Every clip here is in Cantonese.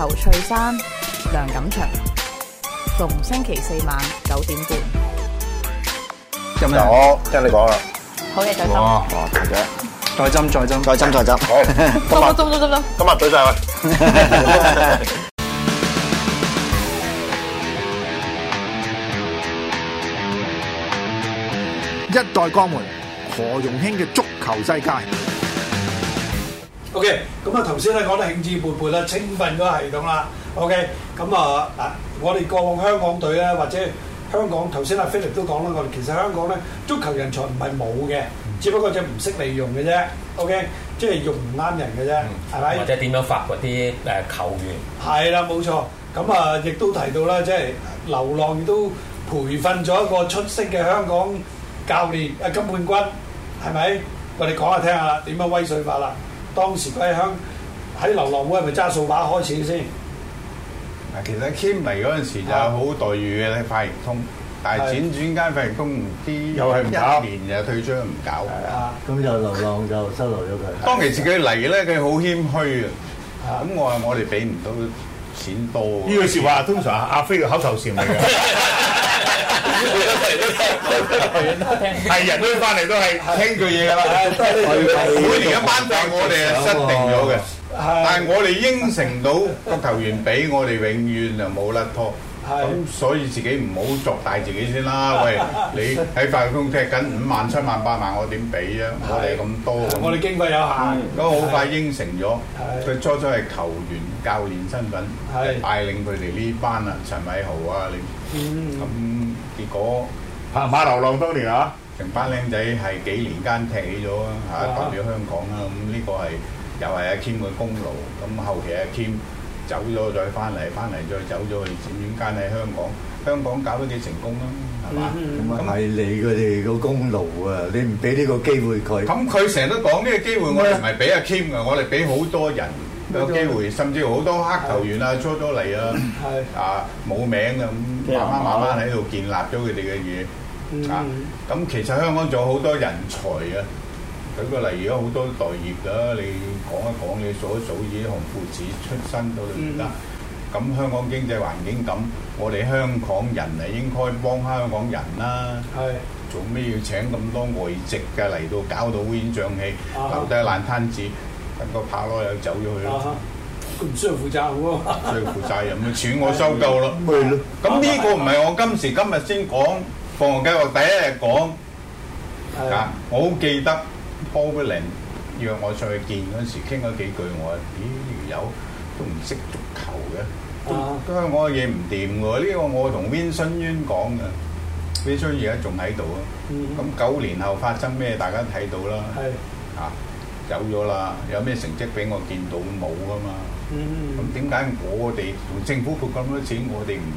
侯翠山、梁錦祥，逢星期四晚九點半。咁樣，我聽你講啦。好嘢，再斟。嘅，再斟，再斟，哎，再斟，再斟。好，今日，今日，再 一代鋼門何容興嘅足球世界。OK，咁啊頭先咧講得興致勃勃啦，青訓嗰個系統啦。OK，咁啊嗱，我哋過往香港隊咧，或者香港頭先阿菲力都講啦，我哋其實香港咧足球人才唔係冇嘅，只不過就唔識利用嘅啫。OK，即係用唔啱人嘅啫，係咪？或者點樣發掘啲誒球員？係啦，冇錯。咁啊，亦都提到啦，即係流浪亦都培訓咗一個出色嘅香港教練啊，金冠軍係咪？我哋講下聽下啦，點樣威水法啦？當時佢鄉喺流浪會咪揸掃把開始先。嗱，其實 Kim 嚟嗰陣時就好待遇嘅你快譯通，但係轉轉間快譯通唔知又係唔搞，的一年又退咗又唔搞，咁就流浪就收留咗佢。 當其時佢嚟咧，佢好謙虛啊！咁的我話我哋俾唔到錢多。呢句説話通常阿阿飛嘅口頭禪嚟嘅。 翻嚟都聽，係人都翻嚟都係聽佢嘢噶啦。每年一班嘅，我哋係失定咗嘅，但係我哋應承到足球員俾我哋永遠就冇甩拖。咁所以自己唔好作大自己先啦。喂，你喺辦公踢緊五萬七萬八萬，我點俾啊？我哋咁多，我哋經費有限，咁好快應承咗。佢初初係球員、教練身份，係帶領佢哋呢班啦，陳偉豪啊，你咁。嗰拍馬流浪當年啊，成班靚仔係幾年間踢起咗啊，代表香港啦，咁呢個係又係阿 Kim 嘅功勞。咁後期阿 Kim 走咗再翻嚟，翻嚟再走咗去轉轉間喺香港，香港搞到幾成功啦，係嘛？咁係你佢哋個功勞啊！你唔俾呢個機會佢，咁佢成日都講呢個機會，我哋唔係俾阿 Kim 啊，我哋俾好多人。有機會，甚至乎好多黑球員啊，初初嚟啊，啊冇名啊，咁慢慢慢慢喺度建立咗佢哋嘅嘢啊。咁其實香港仲有好多人才啊。舉個例，而家好多待業啦，你講一講，你數一數，依啲紅褲子出身到而家。咁香港經濟環境咁，我哋香港人啊，應該幫香港人啦。係。做咩要請咁多外籍嘅嚟到，搞到烏煙瘴氣，留低爛攤子？個炮佬又走咗去啦，佢唔需要負責好啊，需要負責任，咪錢我收夠咯，咪咯。咁呢個唔係我今時今日先講，放學計劃第一日講，啊，我好記得 Pauline 約我出去見嗰陣時傾咗幾句，我咦條友都唔識足球嘅，都都講嘢唔掂喎。呢個我同 Vincent 講嘅，Vincent 而家仲喺度啊，咁九年後發生咩？大家睇到啦，啊。走咗啦，有咩成績俾我見到冇㗎嘛？咁點解我哋同政府撥咁多錢，我哋唔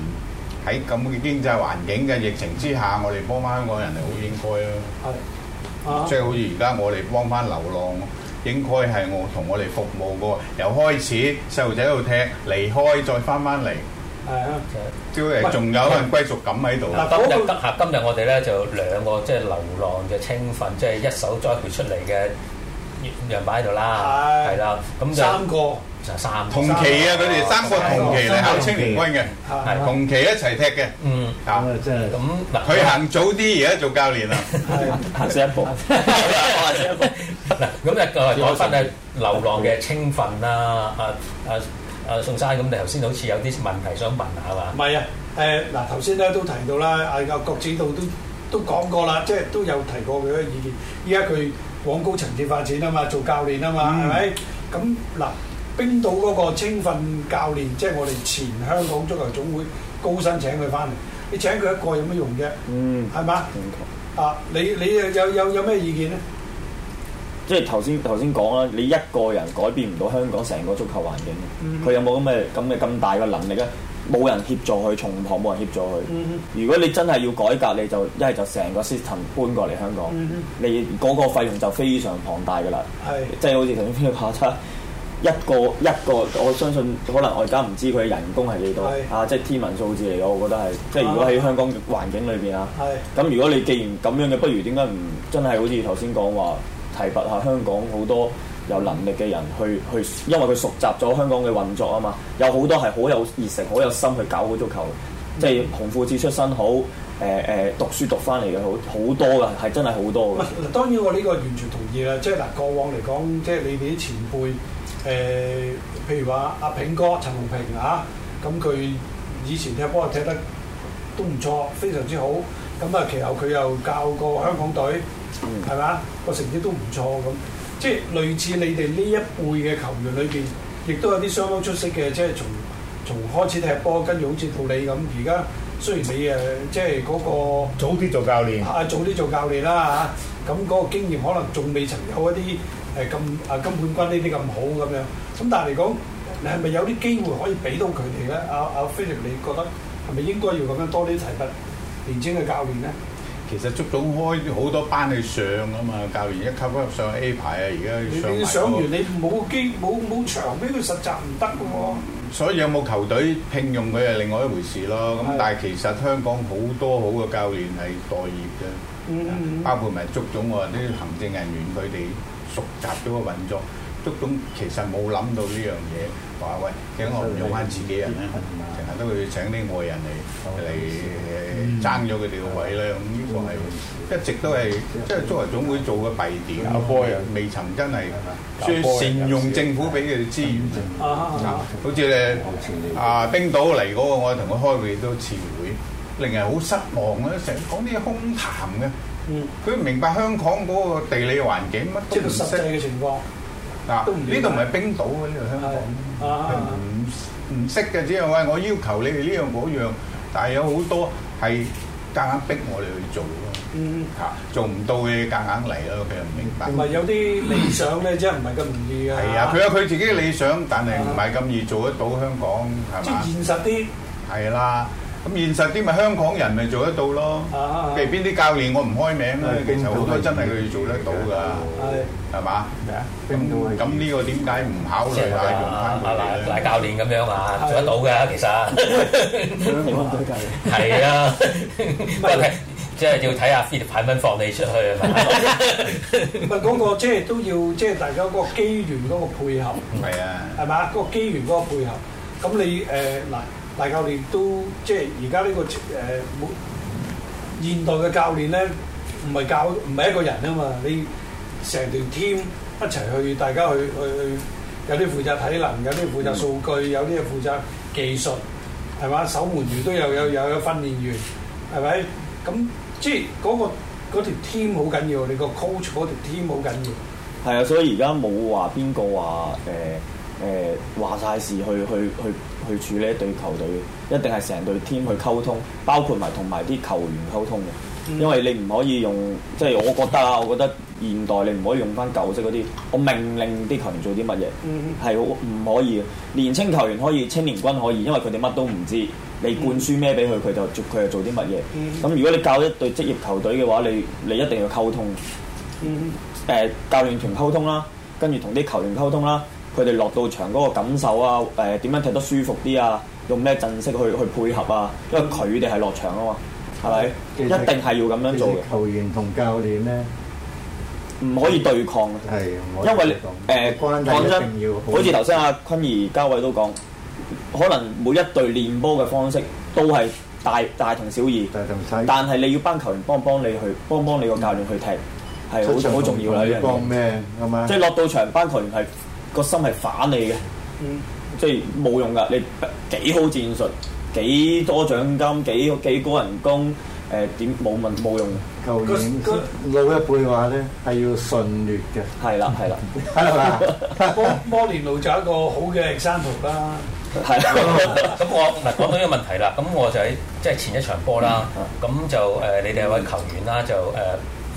喺咁嘅經濟環境嘅疫情之下，我哋幫翻香港人係好應該咯。啊、嗯，嗯、即係好似而家我哋幫翻流浪，應該係我同我哋服務過。由開始細路仔喺度踢，離開再翻翻嚟，係啊、嗯，朝頭早仲有份歸屬感喺度我。今日今日我哋咧就兩個即係、就是、流浪嘅青訓，即、就、係、是、一手栽培出嚟嘅。就擺喺度啦，係啦，咁就三個，同期啊佢哋三個同期嚟考青年軍嘅，係同期一齊踢嘅，嗯，咁啊真係咁嗱，佢行早啲而家做教練啦，行先一步，嗱咁啊個我翻去流浪嘅青訓啊，阿阿阿宋生咁，你頭先好似有啲問題想問下嘛？唔係啊，誒嗱頭先咧都提到啦，阿國指導都都講過啦，即係都有提過佢嘅意見，依家佢。往高層次發展啊嘛，做教練啊嘛，係咪，嗯？咁嗱，呃，冰島嗰個青訓教練，即係我哋前香港足球總會高薪請佢翻嚟，你請佢一個有乜用啫？嗯，係嘛？嗯，啊！你你有有有咩意見咧？即係頭先頭先講啦，你一個人改變唔到香港成個足球環境，嗯哼，佢有冇咁嘅咁嘅咁大嘅能力咧？冇人協助佢，從旁冇人協助佢。嗯哼。如果你真係要改革，你就一係就成個 system 搬過嚟香港，嗯哼。你嗰個費用就非常龐大㗎啦。係，即係好似頭先你話齋，一個一個，我相信可能我而家唔知佢嘅人工係幾多，係，啊，即係天文數字嚟嘅，我覺得係。即係如果喺香港環境裏邊啊，係，咁如果你既然咁樣嘅，不如點解唔真係好似頭先講話提拔下香港好多？有能力嘅人去去，因為佢熟習咗香港嘅運作啊嘛，有好多係好有熱誠，好有心去搞好足球，嗯、即係紅褲子出身好，誒、呃、誒、呃、讀書讀翻嚟嘅好好多㗎，係真係好多嘅。當然我呢個完全同意啦，即係嗱過往嚟講，即、就、係、是、你哋啲前輩，誒、呃、譬如話阿炳哥、陳鴻平啊，咁佢以前踢波踢得都唔錯，非常之好。咁啊，其後佢又教過香港隊，係咪？個成績都唔錯咁。即係類似你哋呢一輩嘅球員裏邊，亦都有啲相當出色嘅，即係從從開始踢波，跟住好似到你咁。而家雖然你誒、呃，即係嗰、那個早啲做教練，啊早啲做教練啦嚇。咁、啊、嗰、那個經驗可能仲未曾有一啲誒咁啊金貫軍呢啲咁好咁樣。咁、啊、但係嚟講，你係咪有啲機會可以俾到佢哋咧？阿阿 f e 你覺得係咪應該要咁樣多啲提拔年青嘅教練咧？其實足總開好多班去上咁嘛，教練一級級上 A 牌啊，而家去上你上完你冇、那個、機冇冇場俾佢實習唔得嘅喎。所以有冇球隊聘用佢係另外一回事咯。咁的但係其實香港好多好嘅教練係待業嘅，嗯嗯包括埋足總啊，啲行政人員佢哋熟習咗個運作。足總其實冇諗到呢樣嘢，話喂，點解我唔用翻自己人咧？成日都去請啲外人嚟嚟誒爭咗佢哋個位咧。咁呢個係一直都係即係作為總會做嘅弊點，阿波未曾真係善用政府俾佢嘅資源。啊，好似咧啊，冰島嚟嗰個，我同佢開會都次會，令人好失望咧，成日講啲空談嘅。嗯，佢唔明白香港嗰個地理環境乜都唔識。嗱，呢度唔係冰島，呢度的香港，唔唔識嘅只係喂我要求你哋呢樣嗰樣，但係有好多係夾硬逼我哋去做咯，嚇、嗯、做唔到嘅夾硬嚟咯，佢又唔明白。同埋有啲理想咧，真係唔係咁容易嘅。係啊，佢有佢自己嘅理想，但係唔係咁易做得到香港係嘛？即係現實啲。係啦。咁現實啲咪香港人咪做得到咯？譬如邊啲教練我唔開名咧，其實好多真係佢做得到噶，係嘛？咩啊？咁呢個點解唔考慮啊？嗱，大教練咁樣啊，做得到噶其實。點樣計？係啊，唔係即係要睇下 fit 品分放你出去啊嘛？問嗰個即係都要即係大家嗰個機緣嗰個配合，係啊，係嘛？嗰個機緣嗰個配合，咁你誒嗱。大教練都即係而家呢個，誒、呃，冇現代嘅教練咧，唔係教唔係一個人啊嘛，你成條 team 一齊去，大家去去去，有啲負責體能，有啲負責數據，有啲負責技術，係嘛、嗯？守門員都有有有有訓練員，係咪？咁即係嗰、嗰個嗰條 team 好緊要，你個 coach 嗰條 team 好緊要。係啊，所以而家冇話邊個話誒誒話晒事去去去。去去去去處理一隊球隊，一定係成隊 team 去溝通，包括埋同埋啲球員溝通嘅。因為你唔可以用，即係我覺得啊，我覺得現代你唔可以用翻舊式嗰啲，我命令啲球員做啲乜嘢，係好唔可以嘅。年青球員可以，青年軍可以，因為佢哋乜都唔知，你灌輸咩俾佢，佢就做佢就做啲乜嘢。咁，嗯，如果你教一隊職業球隊嘅話，你你一定要溝通，誒，嗯，呃，教練團溝通啦，跟住同啲球員溝通啦。佢哋落到場嗰個感受啊，誒點樣踢得舒服啲啊？用咩陣式去去配合啊？因為佢哋係落場啊嘛，係咪？一定係要咁樣做嘅。球員同教練咧，唔可以對抗嘅。因為誒講真，好似頭先阿均宜、嘉緯都講，可能每一隊練波嘅方式都係大大同小異。大同小異。但係你要班球員幫幫你去幫幫你個教練去踢，係好重要啦。即係落到場，班球員係。個心係反你嘅，即係冇用㗎。你幾好戰術，幾多獎金，幾幾高人工，誒點冇問冇用。舊年老一輩話咧，係要順劣嘅。係啦係啦，係咪摩摩連奴就一個好嘅 example 啦。係啦。咁那我嗱那講到呢個問題啦，咁我就喺即係前一場波啦，咁、嗯、就誒、嗯呃、你哋有位球員啦，就誒誒、呃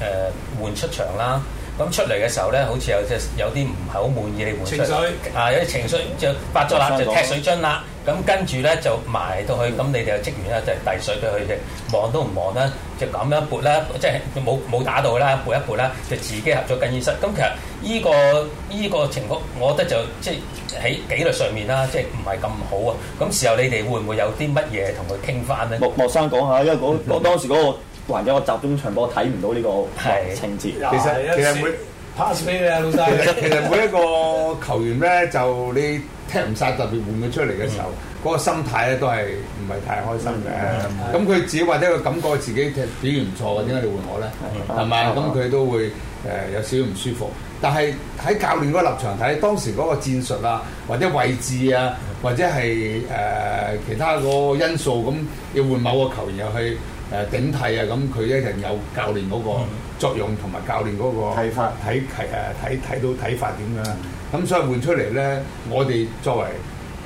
呃、換出場啦。咁出嚟嘅時候咧，好似有即係有啲唔係好滿意你換水，水啊有啲情緒就發咗爛就踢水樽啦。咁跟住咧就埋到去，咁、嗯、你哋嘅職員咧就係遞水俾佢哋望都唔望啦，就咁樣撥啦，即係冇冇打到啦，撥一撥啦，就自己合咗更衣室。咁其實呢、呢個依、呢個情況，我覺得就即係喺紀律上面啦，即係唔係咁好啊。咁時候你哋會唔會有啲乜嘢同佢傾翻咧？莫莫生講下，因為我嗰當時嗰、嗰個。或者我集中場波睇唔到呢個情節。其實其實每 pass 俾你啊，老細。其實每一個球員咧， 就你踢唔晒特別換佢出嚟嘅時候，嗰、嗯、個心態咧都係唔係太開心嘅。咁佢只或者佢感覺自己踢表現唔錯嘅，點解、嗯、你換我咧？係咪咁，佢都會誒、呃、有少少唔舒服。但係喺教練嗰個立場睇，當時嗰個戰術啊，或者位置啊，或者係誒、呃、其他個因素，咁要換某個球員入去。誒頂替啊！咁佢一人有教練嗰個作用，同埋教練嗰個睇法、睇睇誒睇睇到睇法點樣啦？咁、嗯、所以換出嚟咧，我哋作為誒、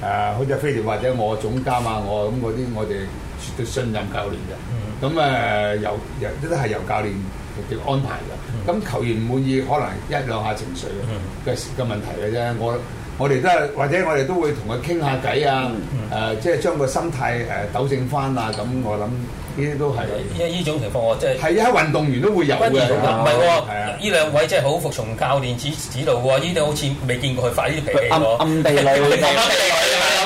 呃、好似飛鳥或者我總監啊，我咁嗰啲，我哋絕對信任教練嘅。咁誒、嗯呃、由亦都係由教練嘅安排嘅。咁、嗯、球員唔滿意，可能一兩下情緒嘅嘅問題嘅啫。我我哋都係，或者我哋都會同佢傾下偈啊，誒，即係將個心態誒糾正翻啊，咁我諗呢啲都係。因為呢種情況，即係係啊，運動員都會有嘅。唔係喎，呢兩位真係好服從教練指指導喎，呢啲好似未見過佢發呢啲脾氣暗地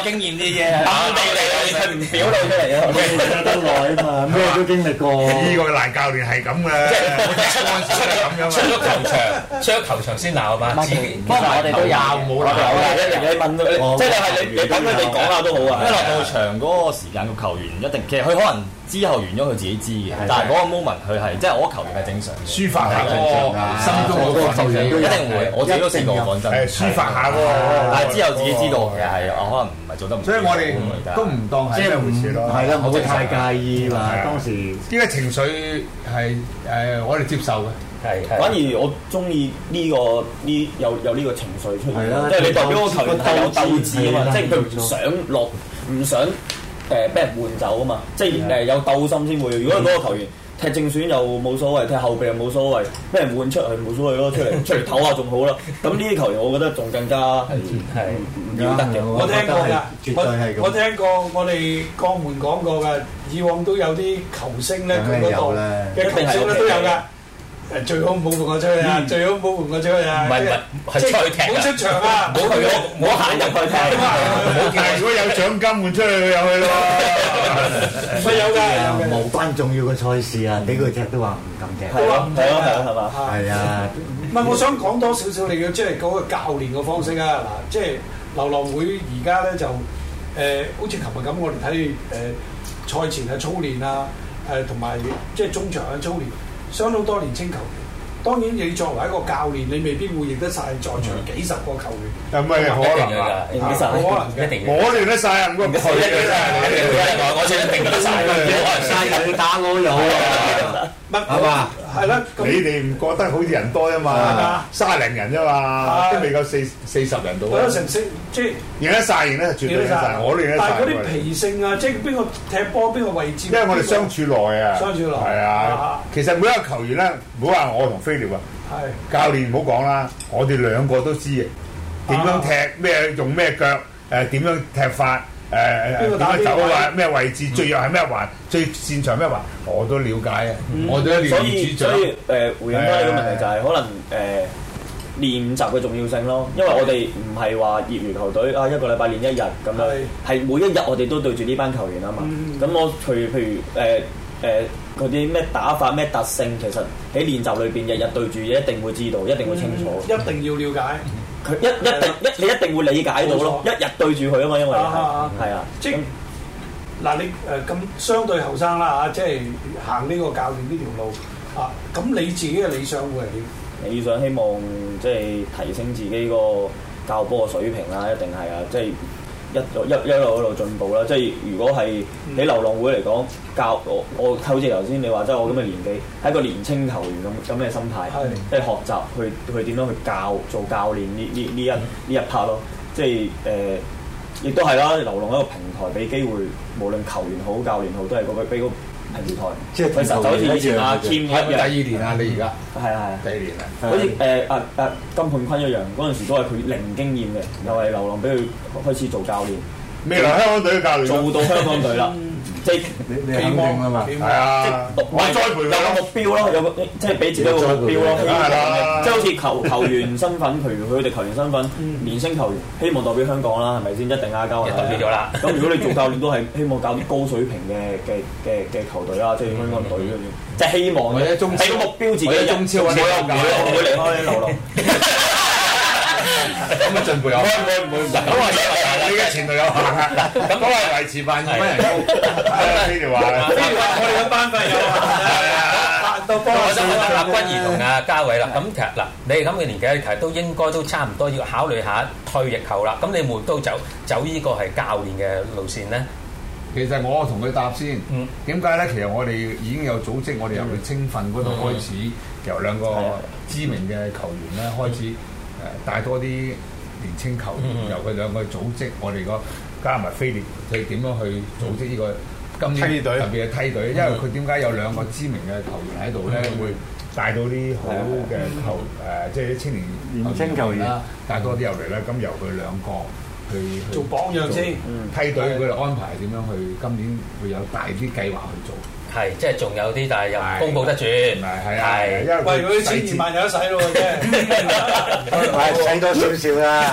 經驗啲啫，本地嚟啊，你睇唔表露出嚟啊？唔得耐啊嘛，咩話都經歷過。呢個爛教練係咁嘅，即係出完出咗出咗球場，出咗球場先鬧啊嘛。不過我哋都有，冇鬧嘅，你問佢，即係你係你你等佢哋講下都好啊。因為到場嗰個時間，個球員一定其實佢可能。之後原因佢自己知嘅，但係嗰個 moment 佢係即係我球員係正常嘅，抒發下咯，心中好多受傷，一定會，我自己都試過講真抒發下喎。但係之後自己知道又係，我可能唔係做得唔，所以我哋都唔當係，即係兩回事囉，唔太介意話當時。呢個情緒係誒我哋接受嘅，係反而我中意呢個呢有有呢個情緒出嚟，即係你代表個球員有鬥志啊嘛，即係佢唔想落，唔想。誒俾人換走啊嘛，即係誒有鬥心先會。如果嗰個球員踢正選又冇所謂，踢後備又冇所謂，俾人換出去冇所謂咯， 出嚟出嚟唞下仲好啦。咁呢啲球員我覺得仲更加唔要得嘅。得我聽過啦，我絕對係。我聽過我哋鋼門講過嘅，以往都有啲球星咧，佢嗰度嘅球星都有㗎。最好冇換我出去啊！最好冇換我出去啊！唔係唔係，係賽出場啊！冇我冇行入去踢。如果有獎金換出去，入去咯。唔係有嘅，無關重要嘅賽事啊，俾佢踢都話唔敢踢。係咯係咯係啊。唔係，我想講多少少你嘅即係嗰個教練嘅方式啊！嗱，即係流浪會而家咧就誒，好似琴日咁，我哋睇誒賽前嘅操練啊，誒同埋即係中場嘅操練。相好多年青球員，當然你作為一個教練，你未必會認得晒在場幾十個球員，係咪可能啊？冇可能嘅，我認得曬，我一定得曬，我一定得曬，我一定打我有啊！係嘛？係啦，你哋唔覺得好似人多啫嘛？卅零人啫嘛，都未夠四四十人到。有成四即係贏得晒贏咧，絕對贏晒。我都贏得晒。但係嗰啲脾性啊，即係邊個踢波，邊個位置。因為我哋相處耐啊，相處耐係啊。其實每一個球員咧，唔好話我同菲利普啊，教練唔好講啦，我哋兩個都知點樣踢咩用咩腳誒點樣踢法。誒邊個打邊個？咩、啊、位置最弱係咩環？最擅長咩環？我都了解嘅。我都了解。所以所以誒回應返個問題就係、是呃、可能誒、呃、練習嘅重要性咯。因為我哋唔係話業餘球隊啊，一個禮拜練一日咁樣，係是每一日我哋都對住呢班球員啊嘛。咁、嗯、我除譬如誒誒嗰啲咩打法咩特性，其實喺練習裏邊日日對住，一定會知道，一定會清楚，嗯、一定要了解。佢一的一定一的你一定會理解到咯，錯一日對住佢啊嘛，因為係啊，即係嗱那你誒咁、呃、相對後生啦嚇，即係行呢個教練呢條路嚇，咁、啊、你自己嘅理想會係點？理想希望即係、就是、提升自己個教波嘅水平啦，一定係啊，即、就、係、是。一一度一路一路進步啦，即係如果係喺流浪會嚟講，教我，我好似頭先你話，即係、嗯、我咁嘅年紀，喺個年輕球員咁咁嘅心態的、這個，即係學習去去點樣去教做教練呢呢呢一呢一 part 咯，即係誒亦都係啦，流浪一個平台俾機會，無論球員好教練好，都係個俾個。平台即係佢實，酒店一樣。喺第二年啊，你而家係啊係啊，的第二年啊，好似誒誒誒金判坤一樣，嗰陣時都係佢零經驗嘅，又係流浪俾佢開始做教練，未來香港隊嘅教練做到香港隊啦。 即係你你希望啊嘛，係啊，咪再培有個目標咯，有個即係俾自己個目標咯，係啦，即係好似球球員身份，譬如佢哋球員身份，年輕球員希望代表香港啦，係咪先？一定嗌交。代表咗啦。咁如果你做教練都係希望搞啲高水平嘅嘅嘅嘅球隊啦，即係香港隊嗰啲，即係希望或者目標自己中超揾唔到，唔會離開呢度咯。咁啊，再培啊，唔會唔會。你嘅前隊友咁都係維持班呢呢條呢條話，我哋嘅班費又話啦，到幫我諗立均宜同阿嘉緯啦。咁其實嗱，你哋咁嘅年紀，其實都應該都差唔多要考慮下退役後啦。咁你會都走走呢個係教練嘅路線咧？其實我同佢答先，點解咧？其實我哋已經有組織，我哋由青訓嗰度開始，由、嗯、兩個知名嘅球員咧開始，誒帶多啲。年青球員由佢兩個去組織我，我哋個加埋菲烈，佢點樣去組織呢個今年特別嘅梯隊？因為佢點解有兩個知名嘅球員喺度咧，嗯、會帶到啲好嘅球誒，嗯、即係啲青年球年，年青球員啦，帶多啲入嚟咧。咁、嗯、由佢兩個去做榜樣先，梯隊佢嚟、嗯、安排點樣去？今年會有大啲計劃去做。係，即係仲有啲，但係又公布得住，係係啊，因為佢洗二萬有得使咯，真係洗多少少啦，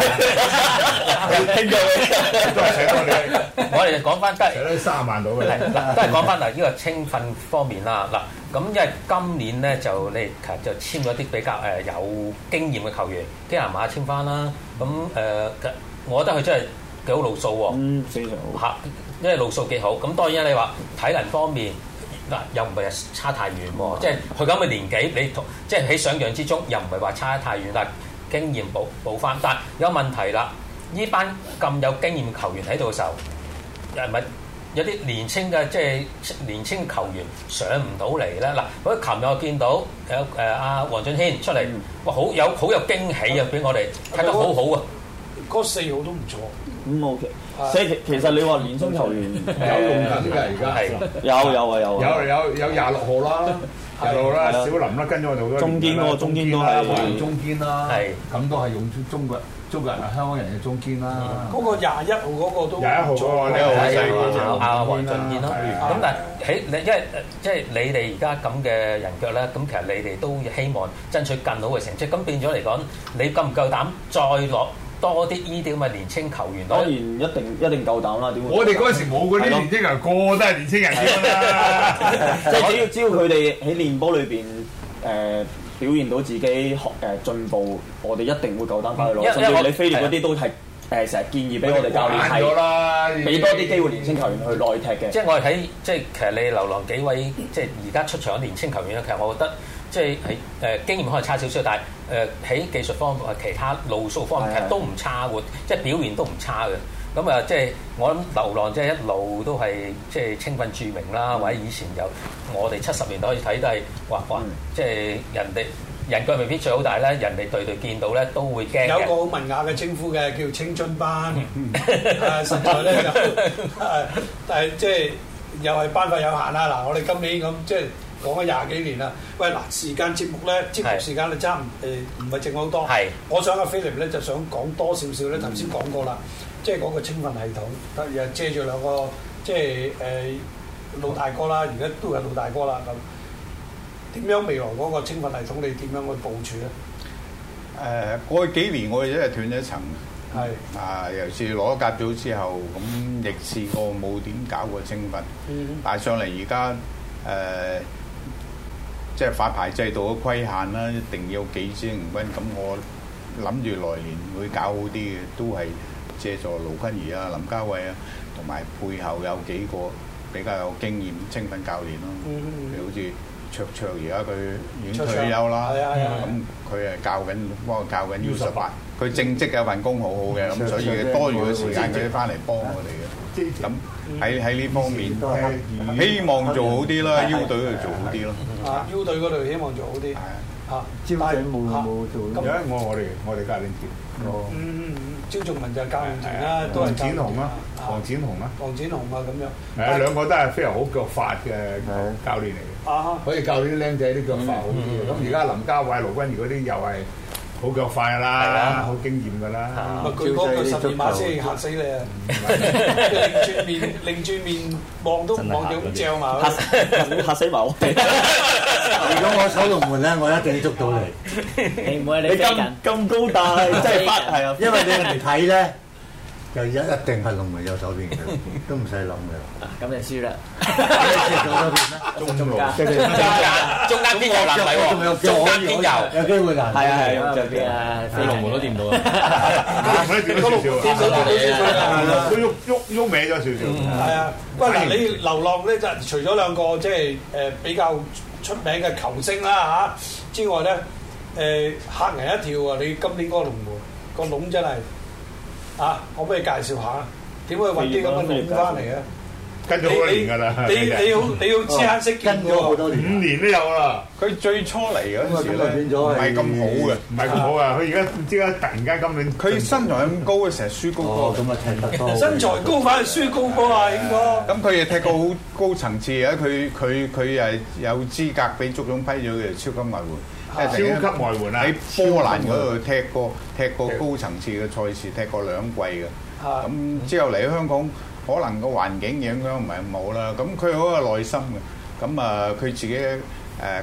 我哋就講翻得係，洗多三十萬到嘅，啦。嗱，都係講翻嗱，呢、 呢個青訓方面啦。嗱，咁因為今年咧就你其實就簽咗啲比較誒有經驗嘅球員，啲人馬簽翻啦。咁誒，我覺得佢真係幾好，路數喎。嗯，非常好。嚇， 因為路數幾好。咁當然你話體能方面。又唔係差太遠喎，即係佢咁嘅年紀，你同即係喺想像之中，又唔係話差得太遠。但係經驗補補翻，但係有問題啦。呢班咁有經驗球員喺度嘅時候，又咪有啲年輕嘅即係年輕球員上唔到嚟咧。嗱，我琴日我見到有誒阿黃俊軒出嚟，嗯、哇，好有好有驚喜啊！俾我哋睇得好好啊，嗰、嗰個、四號都唔錯。咁 OK，所以其實你話年中球員有用緊嘅而家，有有啊有，有有有廿六號啦，廿六號啦，小林啦，跟咗我好多中堅嗰個中堅都係，中堅啦，咁都係用中中國中國人啊，香港人嘅中堅啦。嗰個廿一號嗰個都廿一號，再你又再阿黃俊健啦。咁但係喺你因為即係你哋而家咁嘅人腳咧，咁其實你哋都希望爭取更好嘅成績。咁變咗嚟講，你夠唔夠膽再落？多啲依啲咁嘅年青球員，當然一定一定夠膽啦。點？我哋嗰陣時冇嗰啲年青人，個個都係年青人嘅啦。即係只要佢哋喺練波裏邊誒表現到自己學，誒進步，我哋一定會夠膽翻去攞。為甚至你飛烈嗰啲都係誒成日建議俾我哋教練係。俾多啲機會年青球員去內踢嘅。 即係我哋喺即係其實你流浪幾位即係而家出場年青球員，其實我覺得。即係喺誒經驗可能差少少，但係誒喺技術方面啊，其他路數方面其實都唔差喎，即係表現都唔差嘅。咁啊，即係我諗流浪即係一路都係即係青訓著名啦，或者以前由我哋七十年代開始睇都係哇哇，即係人哋人腳未必最好大啦，人哋隊隊見到咧都會驚嘅。有個好文雅嘅稱呼嘅叫青春班，實在咧就誒，但係即係又係班費有限啦。嗱，我哋今年咁即係。講咗廿幾年啦，喂嗱，時間節目咧，節目時間你差唔多，唔係是、呃、剩好多。係是，我想阿 Philip 咧就想講多少少咧，頭先講過啦，嗯、即係嗰個青訓系統，又借住兩個即係誒、呃、老大哥啦，而家都係老大哥啦咁。點樣未來嗰個青訓系統你點樣去部署咧？誒、呃，過去幾年我哋都係斷咗層，係啊是，呃、尤其是攞咗甲組之後，咁亦試過冇點搞過青訓，嗯，但上嚟而家誒。呃呃即係發牌制度嘅規限啦，一定要幾千唔分。咁我諗住來年會搞好啲嘅，都係借助盧均宜啊、林嘉緯啊，同埋背後有幾個比較有經驗、青訓教練咯。嗯，好似卓卓，而家佢已經退休啦，咁佢係教緊，幫我教緊 U 十八。佢正職嘅運工好好嘅，咁所以多餘嘅時間佢都翻嚟幫我哋嘅。咁喺喺呢方面，希望做好啲啦，腰隊嗰度做好啲咯。啊，U 隊嗰度希望做好啲。啊，招仔冇冇做？而家我我哋我哋教練團。哦。嗯嗯嗯，招仲文就係教練團啦，都係展宏啊，黃展宏啊。黃展宏啊，咁樣。係啊，兩個都係非常好腳法嘅教練嚟嘅。可以教啲僆仔啲腳法好啲嘅。咁而家林嘉緯、盧均宜嗰啲又係。好腳快噶啦，吧好經驗噶啦。佢講佢十二碼先嚇死你啊！擰、啊、轉 面擰轉面望都唔望到咁張馬，的嚇，的嚇死埋我！ 如果我守龍門咧，我一定要捉到你。 你唔會你啲咁高大，真係不係啊？ 因為你唔睇咧。又而家一定係龍門右手邊嘅，都唔使諗嘅。咁就輸啦。左手邊啦，中中龍，中間邊個？左邊右，有機會㗎。係啊係啊，右邊啊，喺龍門都掂唔到啦。縮少少啦，都喐喐喐歪咗少少。係啊，不過嗱，你流浪咧就除咗兩個即係誒比較出名嘅球星啦嚇之外咧，誒嚇人一跳啊！你今年嗰個龍門個籠真係～啊！我幫你介紹下，點去揾啲咁嘅人翻嚟啊？跟咗好多年㗎啦，你你要你要黐硬識，跟咗好多年，五年都有啦。佢最初嚟嗰陣時，唔係咁好嘅，唔係咁好啊。佢而家點解突然間咁勁？佢身材咁高啊，成日輸高波。咁啊，睇得身材高反而輸高波啊，應該。咁佢亦踢過好高層次，而佢佢佢係有資格俾足總批咗嘅超級外援。超級外援啊！喺波蘭嗰度踢過踢過高層次嘅賽事，踢過兩季嘅。咁的之後嚟香港，嗯、可能個環境影響唔係咁好啦。咁佢好有耐心嘅。咁啊，佢自己誒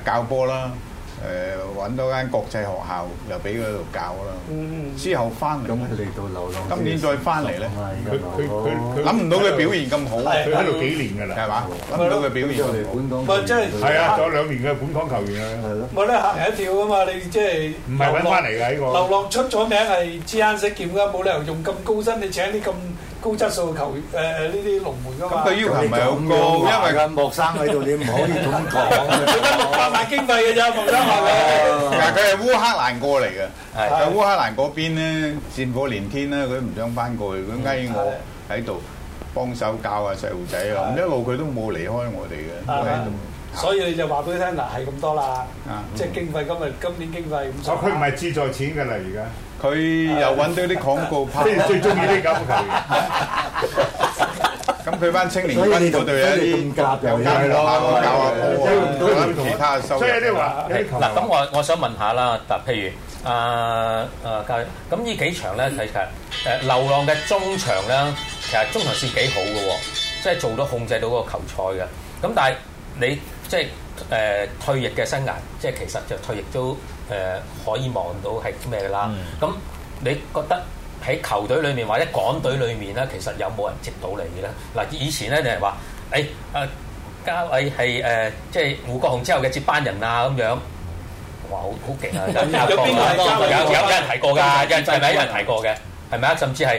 教波啦。誒揾到間國際學校，又俾佢喺度教啦。之後翻嚟，咁佢嚟到流浪，今年再翻嚟咧，佢佢佢諗唔到佢表現咁好，佢喺度幾年㗎啦，係嘛？諗唔到佢表現咁好。咪即係，係啊，仲有兩年嘅本港球員啊。冇理由嚇人一跳㗎嘛，你即係。唔係揾翻嚟㗎呢個。流浪出咗名係知慳識儉㗎，冇理由用咁高薪你請啲咁。高質素嘅球員，誒呢啲龍門㗎嘛。咁佢要求唔係好高，因為佢莫生喺度，你唔可以咁講。佢得六百萬經費嘅啫，莫生。但係佢係烏克蘭過嚟嘅，喺烏克蘭嗰邊咧戰火連天啦，佢唔想翻過去，佢挨我喺度幫手教下細路仔啊，咁一路佢都冇離開我哋嘅，都喺度。所以你就話俾佢聽嗱，係咁多啦，即係經費，今日今年經費咁。佢唔係資助錢㗎啦，而家佢又揾到啲廣告。最中意啲咁。咁佢班青年軍嗰隊有啲嚴格，又有教啊教啊，所以啲話嗱，咁我我想問下啦，嗱，譬如啊啊，嘉緯，咁依幾場咧，其實誒流浪嘅中場咧，其實中場線幾好㗎，即係做到控制到嗰個球賽嘅。咁但係你。即係誒退役嘅生涯，即係其實就退役都誒可以望到係咩嘅啦。咁你覺得喺球隊裏面或者港隊裏面咧，其實有冇人接到你嘅咧？嗱，以前咧就係話誒誒，嘉偉係誒即係胡國雄之後嘅接班人啊咁樣，哇，好好勁啊！有邊有有人提過㗎？有人提咪有人提過嘅，係咪啊？甚至係。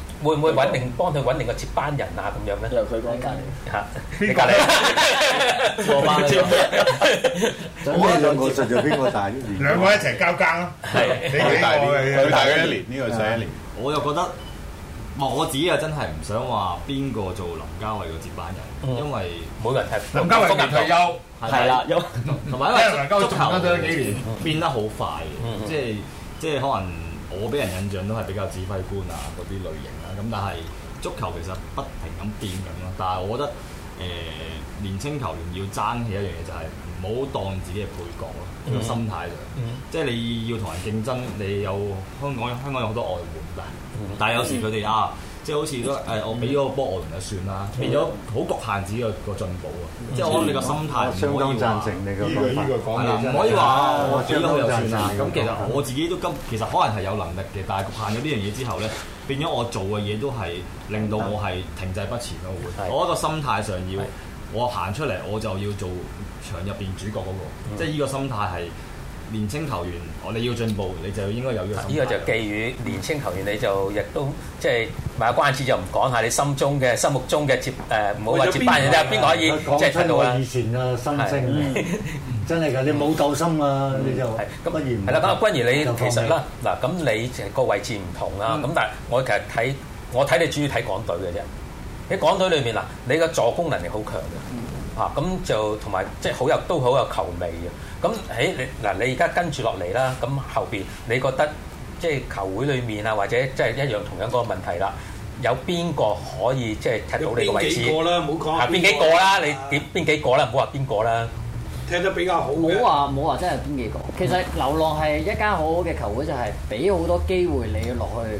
會唔會穩定幫佢搵定個接班人啊？咁樣咧？由佢講隔離，隔離。我媽。邊個上接實在邊個大啲？兩個一齊交更咯。係大啲，佢大一年。呢個上一年，我又覺得，我自己啊真係唔想話邊個做林嘉緯個接班人，因為冇人踢。林嘉緯唔退休，係啦，同埋因為林嘉緯長得長咗幾年，變得好快嘅，即係即係可能我俾人印象都係比較指揮官啊嗰啲類型。咁但係足球其實不停咁變咁咯，但係我覺得誒年青球員要爭起一樣嘢就係唔好當自己係配角咯，個心態就，即係你要同人競爭，你有香港，香港有好多外援，但但係有時佢哋啊，即係好似都誒，我俾咗波外援就算啦，俾咗好局限自己個進步啊，即係我你個心態唔可以話俾咗就算啦。咁其實我自己都今其實可能係有能力嘅，但係局限咗呢樣嘢之後咧，變咗我做嘅嘢都係令到我係停滯不前咯，我一個心態上要我行出嚟，我就要做場入邊主角嗰、嗰個，嗯、即係呢個心態係年青球員，我哋要進步，你就應該有呢個心態。呢個就寄予年青球員，你就亦都即係買關切就唔講下你心中嘅心目中嘅接誒，唔好話接班人啦，邊個可以即係聽到啊？以前嘅心聲。 真係㗎，你冇鬥心啊！你就係咁，阿均宜，係啦，咁阿均宜你其實啦，嗱咁你個位置唔同啦，咁但係我其實睇我睇你主要睇港隊嘅啫。喺港隊裏面嗱，你個助攻能力好強嘅，啊咁就同埋即係好有都好有球味嘅。咁喺你嗱，你而家跟住落嚟啦。咁後邊你覺得即係球會裏面啊，或者即係一樣同樣個問題啦，有邊個可以即係踢到你個位置？邊幾個啦？唔好講邊個啦。邊幾個啦？你點邊幾個啦？唔好話邊個啦。聽得比較好，冇話冇話真係邊幾個。其實流浪係一間好好嘅球會，就係俾好多機會你落去。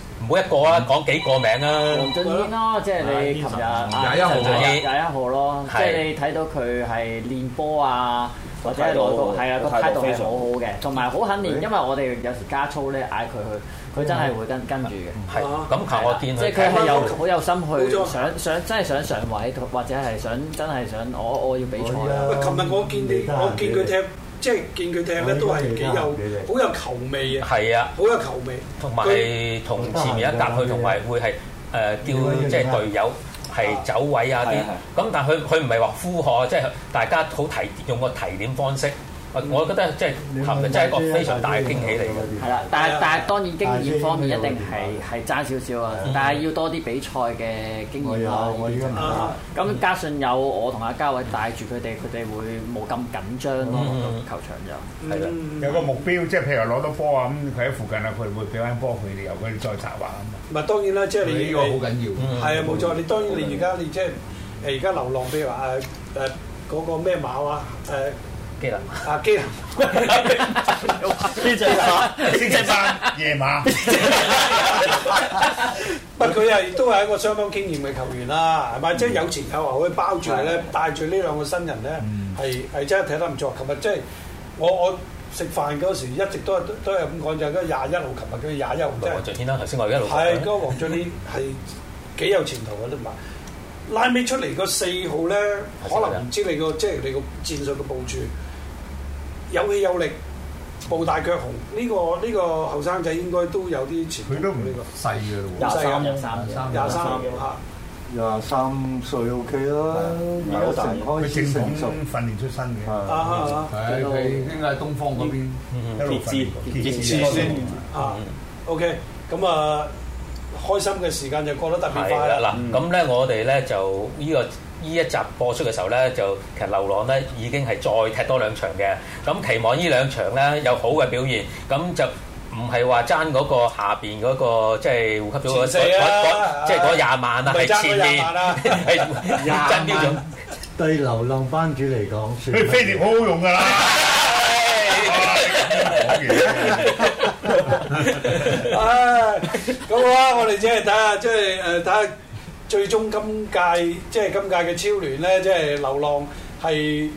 唔好一個啊，講幾個名啊。黃俊添咯，即係你琴日廿一號，廿一號咯。即係你睇到佢係練波啊，或者係度，係啊，個態度係好好嘅，同埋好肯練。因為我哋有時加操咧，嗌佢去，佢真係會跟跟住嘅。係，咁琴日即係佢係有好有心去想想真係想上位，或者係想真係想我我要比賽啦。喂，琴日我見你，我見佢踢。即係見佢踢咧，都係幾有好有球味嘅。係啊，好有球味。同埋同前面一格佢，同埋會係誒叫即係隊友係走位啊啲。咁但係佢佢唔係話呼喝，即係大家好提用個提點方式。我覺得即係冚，真係一個非常大嘅驚喜嚟嘅。係啦，但係但係當然經驗方面一定係係爭少少啊，但係要多啲比賽嘅經驗我已經啊，咁加上有我同阿嘉緯帶住佢哋，佢哋會冇咁緊張咯。個球場就係啦，有個目標，即係譬如攞到波啊咁，佢喺附近啊，佢會俾翻波佢哋，由佢哋再策劃啊嘛。咪當然啦，即係你呢個好緊要。係啊，冇錯。你當然你而家你即係誒而家流浪，譬如話誒誒嗰個咩馬哇誒。基能馬啊，基能，基仔馬，基仔馬，夜馬，不過佢係都係一個相當經驗嘅球員啦，係咪？即係有前有後，可以包住佢咧，帶住呢兩個新人咧，係係真係睇得唔錯。琴日即係我我食飯嗰時一直都都係咁講，就係嗰廿一號，琴日嗰廿一號，即係黃俊添啦。頭先我廿一號，係個黃俊添係幾有前途嘅，都唔錯。拉尾出嚟個四號咧，可能唔知你個即係你個戰術嘅佈置。有氣有力，步大腳紅，呢個呢個後生仔應該都有啲潛力佢都唔呢個細嘅喎，廿三廿三廿三廿廿三歲 OK 啦，由零開始，佢正統先訓練出身嘅。啊哈，應該係東方嗰邊一路練，練練先啊。OK，咁啊，開心嘅時間就過得特別快啦。嗱，咁咧我哋咧就呢個。呢一集播出嘅時候咧，就其實流浪咧已經係再踢多兩場嘅，咁期望呢兩場咧有好嘅表現，咁就唔係話爭嗰個下邊嗰個即係呼吸組嗰嗰即係嗰廿萬啦，係前面係爭邊種對流浪班主嚟講，算好好用㗎啦。咁好啊，我哋即係睇下，即係誒睇下。最終今，今屆即係今屆嘅超聯咧，即係流浪係。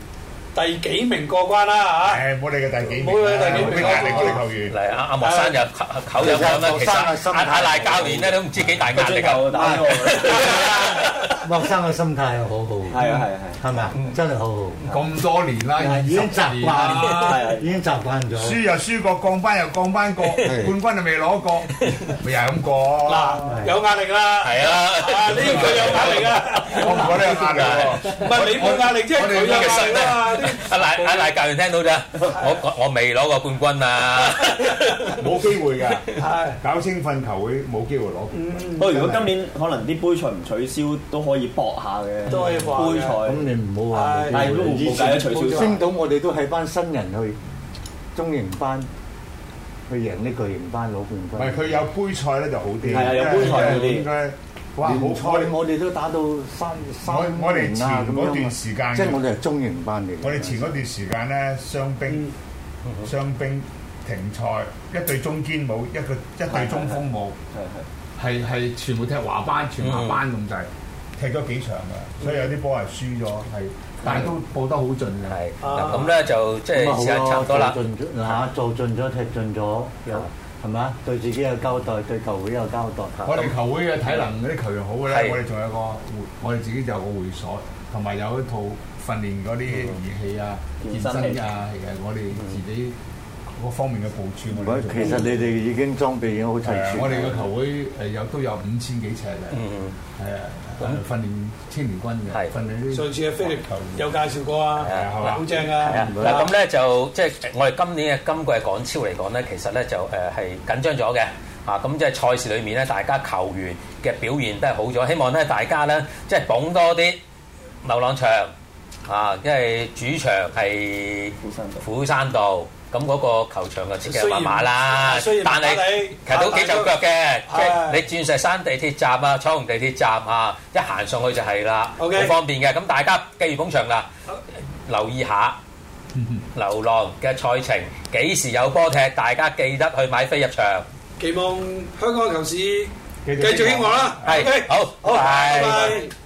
第幾名過關啦嚇？誒，唔好理佢第幾名，唔好理佢第幾名，壓力我哋球員。嚟阿阿莫生又口又講，阿生阿阿賴教練咧都唔知幾大壓力㗎。莫生嘅心態好好，係啊係啊係，係咪啊？真係好好。咁多年啦，已經習慣啦，已經習慣咗。輸又輸過，降班又降班過，冠軍就未攞過，咪又咁過。有壓力啦，係啦，啊你要佢有壓力㗎，我唔覺得有壓力。唔係你冇壓力啫，佢有壓力。阿賴阿賴教練聽到咋？我我我未攞過冠軍啊，冇機會㗎，搞青訓球會冇機會攞。不過如果今年可能啲杯賽唔取消都可以搏下嘅，都可以杯賽嘅。咁你唔好話，但係都冇冇計啊！取消升到我哋都係班新人去中型班去贏呢個型班攞冠軍。唔係佢有杯賽咧就好啲，係啊有杯賽嗰啲。哇！好彩我哋都打到三三，我哋前嗰段時間，即係我哋係中型班嚟。我哋前嗰段時間咧，傷兵傷兵停賽，一隊中堅冇，一個一隊中鋒冇，係係全部踢華班，全華班咁滯，踢咗幾場㗎，所以有啲波係輸咗，係但係都報得好盡係。咁咧就即係時間差唔多啦。嚇做盡咗踢盡咗。係嘛？對自己有交代，對球會有交代。我哋球會嘅體能嗰啲球員好嘅啦是的，我哋仲有個會，我哋自己就有個會所，同埋有一套訓練嗰啲儀器啊、健身啊，其實我哋自己。各方面嘅佈置，其實你哋已經裝備已經好齊全。我哋嘅球會誒有都有五千幾尺嘅，係啊，等嚟訓練青年軍嘅，訓練啲。上次嘅飛力球員有介紹過啊，好正啊！嗱咁咧就即係我哋今年嘅今季嘅港超嚟講咧，其實咧就誒係緊張咗嘅啊！咁即係賽事裏面咧，大家球員嘅表現都係好咗，希望咧大家咧即係捧多啲流浪場啊！因為主場係虎山道。咁嗰個球場嘅設計麻麻啦，但係其實都幾就腳嘅，即係你鑽石山地鐵站啊，彩虹地鐵站啊，一行上去就係啦，OK，好方便嘅。咁大家繼續捧場啦，留意下流浪嘅賽程幾時有波踢，大家記得去買飛入場。期望香港球市繼續興旺啦。係，好，拜拜。